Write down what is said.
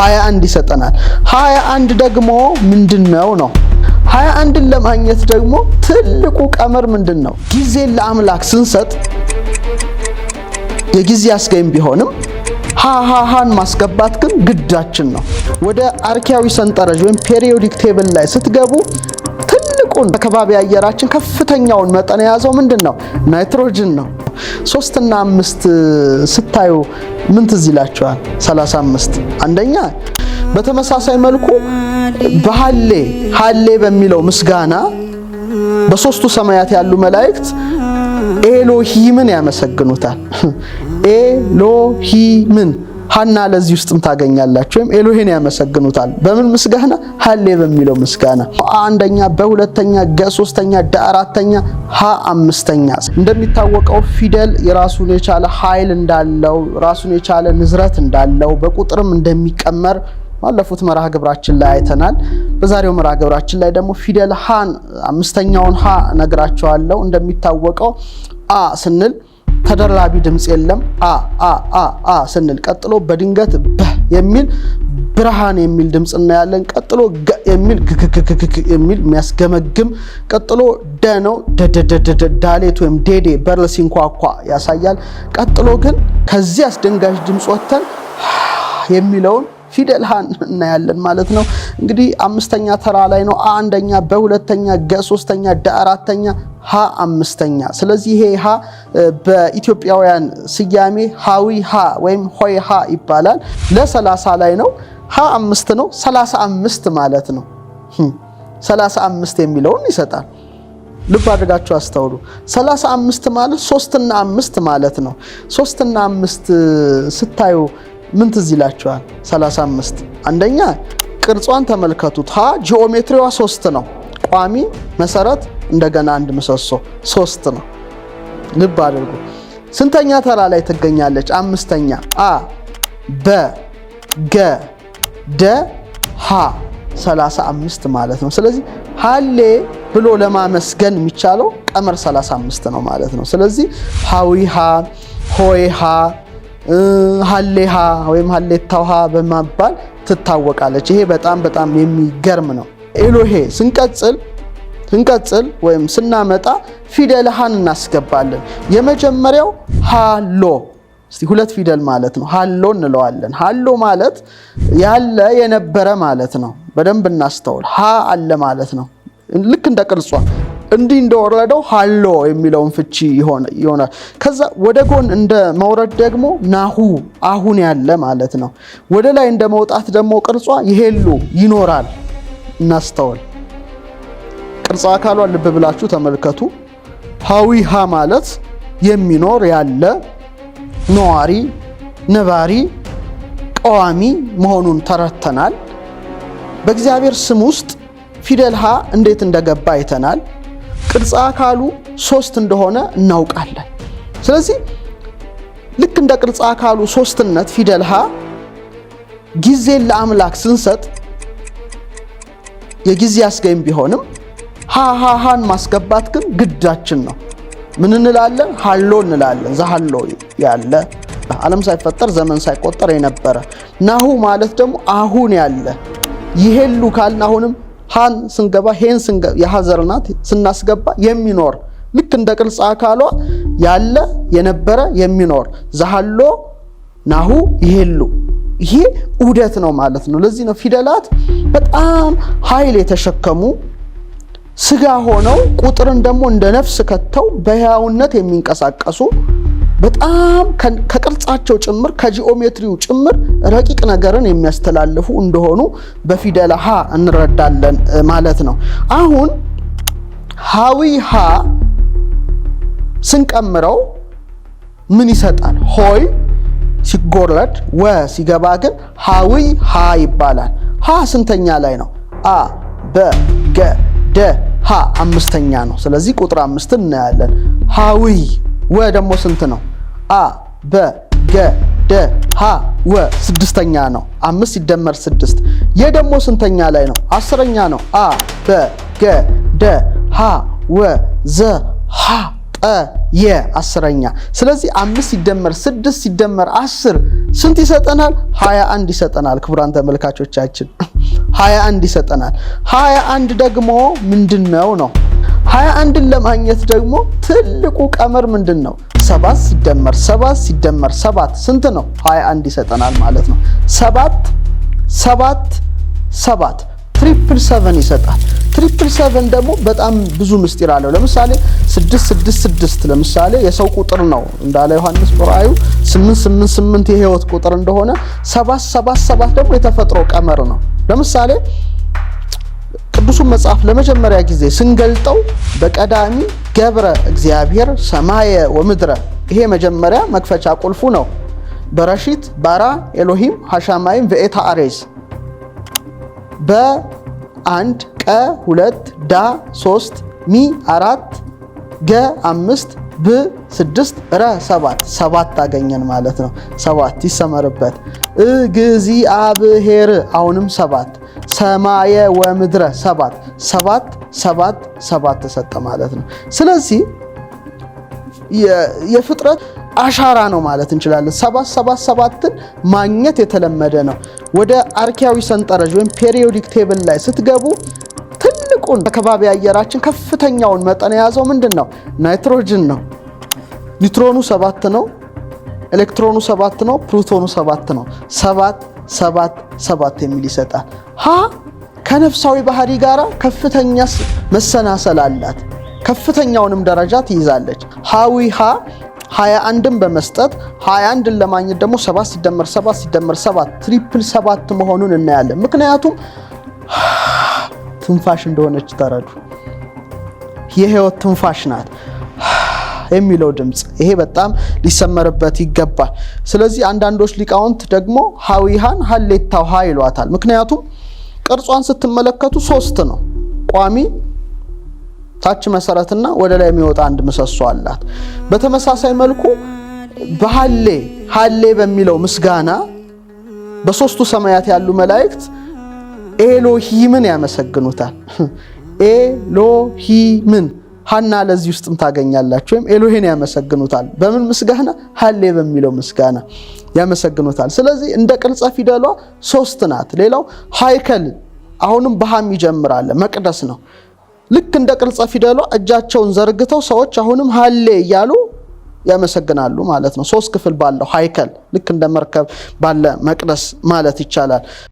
ሀያ አንድ ይሰጠናል። ሀያ አንድ ደግሞ ምንድን ነው ነው ሀያ አንድን ለማግኘት ደግሞ ትልቁ ቀመር ምንድን ነው? ጊዜን ለአምላክ ስንሰጥ የጊዜ አስገኝ ቢሆንም ሀሀሀን ማስገባት ግን ግዳችን ነው። ወደ አርኪያዊ ሰንጠረዥ ወይም ፔሪዮዲክ ቴብል ላይ ስትገቡ ትልቁን በከባቢ አየራችን ከፍተኛውን መጠን የያዘው ምንድን ነው? ናይትሮጅን ነው። ሶስትና አምስት ስታዩ ምን ትዝ 35 አንደኛ በተመሳሳይ መልኩ በሃሌ ሃሌ በሚለው ምስጋና በሶስቱ ሰማያት ያሉ መላእክት ኤሎሂምን ያመሰግኑታል። ኤሎሂምን ሀና ለዚህ ውስጥም ታገኛላችሁ። ወይም ኤሎሄን ያመሰግኑታል። በምን ምስጋና? ሀሌ በሚለው ምስጋና አንደኛ፣ በሁለተኛ፣ ገሶስተኛ፣ ደአራተኛ፣ ሀ አምስተኛ። እንደሚታወቀው ፊደል የራሱን የቻለ ኃይል እንዳለው ራሱን የቻለ ንዝረት እንዳለው በቁጥርም እንደሚቀመር ባለፉት መርሃ ግብራችን ላይ አይተናል። በዛሬው መርሃ ግብራችን ላይ ደግሞ ፊደል ሀን አምስተኛውን ሀ ነግራቸዋለው። እንደሚታወቀው አ ስንል ተደራቢ ድምፅ የለም። አ አ አ አ ስንል ቀጥሎ በድንገት በ የሚል ብርሃን የሚል ድምፅ እናያለን። ቀጥሎ ገ የሚል ግግግግግ የሚል የሚያስገመግም ቀጥሎ ደ ነው ዳሌት ወይም ዴዴ በር ሲንኳኳ ያሳያል። ቀጥሎ ግን ከዚህ አስደንጋጭ ድምፅ ወጥተን የሚለውን ፊደል ሃን እናያለን ማለት ነው። እንግዲህ አምስተኛ ተራ ላይ ነው። አንደኛ፣ በሁለተኛ፣ ገ ሶስተኛ፣ ደ አራተኛ ሀ አምስተኛ። ስለዚህ ይሄ ሀ በኢትዮጵያውያን ስያሜ ሀዊ ሀ ወይም ሆይ ሀ ይባላል። ለሰላሳ ላይ ነው። ሀ አምስት ነው። ሰላሳ አምስት ማለት ነው። ሰላሳ አምስት የሚለውን ይሰጣል። ልብ አድርጋችሁ አስተውሉ። ሰላሳ አምስት ማለት ሶስትና አምስት ማለት ነው። ሶስትና አምስት ስታዩ ምን ትዝ ይላችኋል? ሰላሳ አምስት አንደኛ ቅርጿን ተመልከቱት። ሀ ጂኦሜትሪዋ ሶስት ነው። ቋሚ መሰረት፣ እንደገና አንድ ምሰሶ ሶስት ነው። ልብ አድርጉ። ስንተኛ ተራ ላይ ትገኛለች? አምስተኛ። አ በ ገ ደ ሀ 35 ማለት ነው። ስለዚህ ሀሌ ብሎ ለማመስገን የሚቻለው ቀመር 35 ነው ማለት ነው። ስለዚህ ሀዊሃ ሆይሃ ሀሌሃ ወይም ሀሌታውሃ በማባል ትታወቃለች። ይሄ በጣም በጣም የሚገርም ነው። ኤሎሄ ስንቀጽል ስንቀጽል ወይም ስናመጣ ፊደል ሃን እናስገባለን። የመጀመሪያው ሃሎ እስቲ ሁለት ፊደል ማለት ነው። ሃሎ እንለዋለን። ሃሎ ማለት ያለ የነበረ ማለት ነው። በደንብ እናስተውል። ሃ አለ ማለት ነው። ልክ እንደ ቅርጿ እንዲህ እንደወረደው ሃሎ የሚለውን ፍቺ ይሆናል። ከዛ ወደ ጎን እንደ መውረድ ደግሞ ናሁ አሁን ያለ ማለት ነው። ወደ ላይ እንደ መውጣት ደግሞ ቅርጿ ይሄሉ ይኖራል እናስተውል። ቅርጸ አካሏን ልብ ብላችሁ ተመልከቱ። ሀዊሃ ማለት የሚኖር ያለ፣ ነዋሪ፣ ነባሪ፣ ቀዋሚ መሆኑን ተረድተናል። በእግዚአብሔር ስም ውስጥ ፊደል ሀ እንዴት እንደገባ አይተናል። ቅርጸ አካሉ ሶስት እንደሆነ እናውቃለን። ስለዚህ ልክ እንደ ቅርጸ አካሉ ሶስትነት ፊደል ሀ ጊዜን ለአምላክ ስንሰጥ የጊዜ አስገኝ ቢሆንም ሃሃሃን ማስገባት ግን ግዳችን ነው። ምን እንላለን? ሃሎ እንላለን። ዘሀሎ ያለ ዓለም ሳይፈጠር ዘመን ሳይቆጠር የነበረ ናሁ ማለት ደግሞ አሁን ያለ ይሄሉ ካልን አሁንም ሃን ስንገባ ሄን የሀዘርናት ስናስገባ የሚኖር ልክ እንደ ቅርጽ አካሏ ያለ የነበረ የሚኖር ዘሀሎ ናሁ ይሄሉ ይሄ ዑደት ነው ማለት ነው። ለዚህ ነው ፊደላት በጣም ኃይል የተሸከሙ ስጋ ሆነው ቁጥርን ደግሞ እንደ ነፍስ ከተው በህያውነት የሚንቀሳቀሱ በጣም ከቅርጻቸው ጭምር ከጂኦሜትሪው ጭምር ረቂቅ ነገርን የሚያስተላልፉ እንደሆኑ በፊደል ሀ እንረዳለን ማለት ነው። አሁን ሀዊ ሀ ስንቀምረው ምን ይሰጣል? ሆይ ሲጎረድ ወ ሲገባ ግን ሀዊ ሀ ይባላል። ሀ ስንተኛ ላይ ነው? አ በ ገ ደ ሀ አምስተኛ ነው። ስለዚህ ቁጥር አምስት እናያለን። ሀዊ ወ ደግሞ ስንት ነው? አ በ ገ ደ ሀ ወ ስድስተኛ ነው። አምስት ሲደመር ስድስት። የ ደግሞ ስንተኛ ላይ ነው? አስረኛ ነው። አ በ ገ ደ ሀ ወ ዘ ሀ ጠ የ አስረኛ። ስለዚህ አምስት ሲደመር ስድስት ሲደመር አስር ስንት ይሰጠናል? ሀያ አንድ ይሰጠናል። ክቡራን ተመልካቾቻችን ሀያ አንድ ይሰጠናል። ሀያ አንድ ደግሞ ምንድን ነው ነው ሀያ አንድን ለማግኘት ደግሞ ትልቁ ቀመር ምንድን ነው? ሰባት ሲደመር ሰባት ሲደመር ሰባት ስንት ነው? ሀያ አንድ ይሰጠናል ማለት ነው። ሰባት ሰባት ሰባት ትሪፕል ሰቨን ይሰጣል። ትሪፕል ሰቨን ደግሞ በጣም ብዙ ምስጢር አለው። ለምሳሌ ስድስት ስድስት ስድስት ለምሳሌ የሰው ቁጥር ነው እንዳለ ዮሐንስ ራእዩ ስምንት ስምንት ስምንት የህይወት ቁጥር እንደሆነ ሰባት ሰባት ሰባት ደግሞ የተፈጥሮ ቀመር ነው። ለምሳሌ ቅዱሱን መጽሐፍ ለመጀመሪያ ጊዜ ስንገልጠው በቀዳሚ ገብረ እግዚአብሔር ሰማየ ወምድረ ይሄ መጀመሪያ መክፈቻ ቁልፉ ነው። በረሺት ባራ ኤሎሂም ሀሻማይም ቬኤታ አሬዝ በአንድ ቀ ሁለት ዳ ሶስት ሚ አራት ገ አምስት ብ ስድስት ረ ሰባት ሰባት አገኘን ማለት ነው። ሰባት ይሰመርበት። እግዚአብሔር አሁንም ሰባት ሰማየ ወምድረ ሰባት ሰባት ሰባት ሰባት ተሰጠ ማለት ነው። ስለዚህ የፍጥረት አሻራ ነው ማለት እንችላለን። ሰባት ሰባት ሰባትን ማግኘት የተለመደ ነው። ወደ አርኪያዊ ሰንጠረዥ ወይም ፔሪዮዲክ ቴብል ላይ ስትገቡ ትልቁን ከከባቢ አየራችን ከፍተኛውን መጠን የያዘው ምንድን ነው? ናይትሮጅን ነው። ኒትሮኑ ሰባት ነው። ኤሌክትሮኑ ሰባት ነው። ፕሮቶኑ ሰባት ነው። ሰባት ሰባት ሰባት የሚል ይሰጣል። ሀ ከነፍሳዊ ባህሪ ጋር ከፍተኛ መሰናሰል አላት። ከፍተኛውንም ደረጃ ትይዛለች። ሀዊ ሀ 21ን በመስጠት 21ን ለማግኘት ደግሞ 7 ሲደመር 7 ሲደመር 7 ትሪፕል 7 መሆኑን እናያለን። ምክንያቱም ትንፋሽ እንደሆነች ተረዱ። የህይወት ትንፋሽ ናት የሚለው ድምፅ ይሄ በጣም ሊሰመርበት ይገባል። ስለዚህ አንዳንዶች ሊቃውንት ደግሞ ሀዊሃን ሀሌታው ሀ ይሏታል። ምክንያቱም ቅርጿን ስትመለከቱ ሶስት ነው ቋሚ ታች መሰረትና ወደ ላይ የሚወጣ አንድ ምሰሶ አላት። በተመሳሳይ መልኩ በሀሌ ሀሌ በሚለው ምስጋና በሶስቱ ሰማያት ያሉ መላእክት ኤሎሂምን ያመሰግኑታል። ኤሎሂምን ሀና ለዚህ ውስጥም ታገኛላችሁ። ወይም ኤሎሄን ያመሰግኑታል። በምን ምስጋና? ሀሌ በሚለው ምስጋና ያመሰግኑታል። ስለዚህ እንደ ቅርጸ ፊደሏ ሶስት ናት። ሌላው ሃይከል አሁንም በሃም ይጀምራል። መቅደስ ነው። ልክ እንደ ቅርጸ ፊደሏ እጃቸውን ዘርግተው ሰዎች አሁንም ሀሌ እያሉ ያመሰግናሉ ማለት ነው። ሶስት ክፍል ባለው ሀይከል ልክ እንደ መርከብ ባለ መቅደስ ማለት ይቻላል።